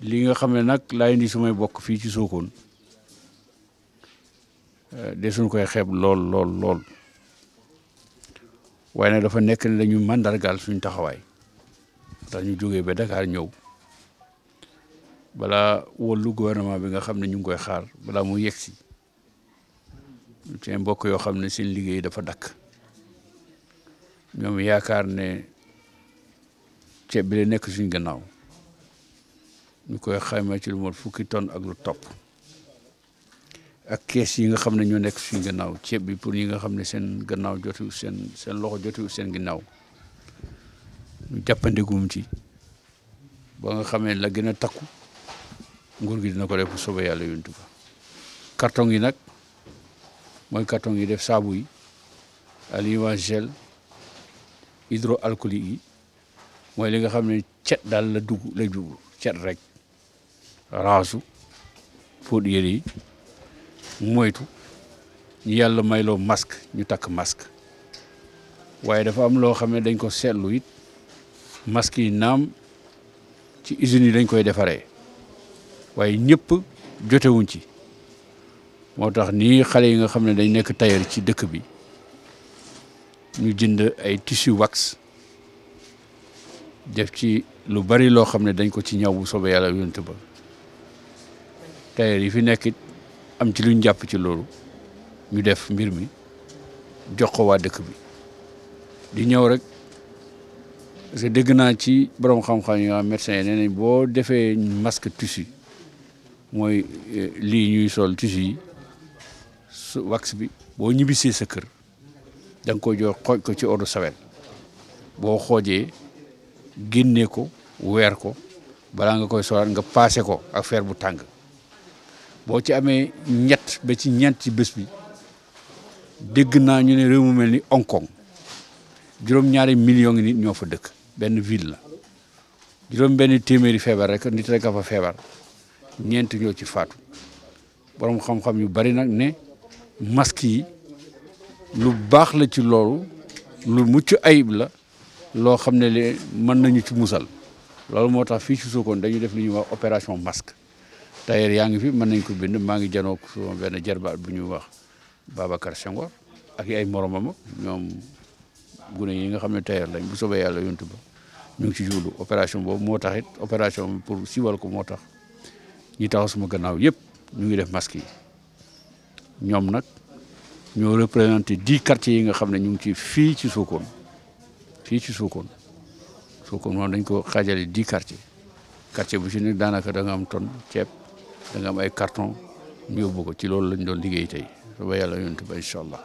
li nga xam ne nag laay indi sumay bokk fii ci Sokone eh, de suñ koy xeb lool lool lool waaye dafa nekk ne dañu màndargaal suñu taxawaay dañu ñu jógee ba Dakar ñëw bala wóolu gouvernement bi nga xam ne ñu ngi koy xaar balaa mu yegg si seen mbokk yoo xam ne seen liggéey dafa dakk ñoom yaakaar ne ceeb bi la nekk suñ gannaaw ñu koy xayma ci lu mot fukki tonne ak lu topp ak kees yi nga xam ne ñoo nekk suñu gannaaw ceeb bi pour ñi nga xam ne seen gannaaw jotiwu seen seen loxo jotiwu seen gannaaw ñu jàppandegum ci ba nga xamee la gën a takku nguur gi dina ko def bu soobee yàlla yuntu fa carton yi nag mooy carton yi def saabu yi aliment gel hydroalcoolique yi mooy li nga xam ne cet daal la dugg la jublu cet rek raasu fóot yére yi moytu ñu yàlla mayloo masque ñu takk masque waaye dafa am loo xam ne dañ ko seetlu it masque yi naam ci usines yi lañ koy defaree waaye ñëpp jotewuñ ci moo tax ni xale yi nga xam ne dañ nekk tailleur ci dëkk bi ñu jënd ay tissu wax def ci lu bari loo xam ne dañ ko ci ñaw bu soobee yàlla yonent ba tailleur yi fi nekk it am ci lu ñu jàpp ci loolu ñu def mbir mi jox ko waa dëkk bi di ñëw rek parce que dégg naa ci borom xam-xam yi nga xam nee nañ boo defee masque tissu mooy eh, lii ñuy sol tissu yi su wax bi boo ñibbisee sa kër da nga koy jox xooj ko ci eau de boo xoojee génnee ko weer ko balaa nga koy solaat nga paase ko ak fer bu tàng boo ci amee ñett ba ci ñeent ci bés bi dégg naa ñu ne réew mu mel ni Hong Kong juróom-ñaari millions ngi nit ñoo fa dëkk benn ville la juróom benn téeméeri feebar rek nit rek a fa feebar ñeent ñoo ci faatu borom xam-xam yu bari nag ne masque yi lu baax la ci loolu lu mucc ayib la loo xam ne le mën nañu ci musal loolu moo tax fii ci Sokone dañuy def li ñuy wax opération mask tayer yaa fi man nañ ko bind maa ngi janoo ko suma benn jarbaat bu ñu wax Babacar Senghor ak ay moromam ñoom gune yi nga xam ne tailleur lañ bu soobee yàlla yontu ba ñu ngi ci jublu opération boobu moo taxit it opération pour siwal ko moo tax ñi taxaw suma gannaaw yépp ñu ngi def masque yi ñoom nag ñoo représenté dix quartiers yi nga xam ne ñu ngi ci fii ci Sokone fii ci Sokone Sokone moom dañ ko xaajale dix quartiers quartier bu ci nekk daanaka da nga am tonne ceeb da nga am ay carton mu yóbbu ko ci loolu lañ doon liggéey tey su ba yàlla yonent ba incha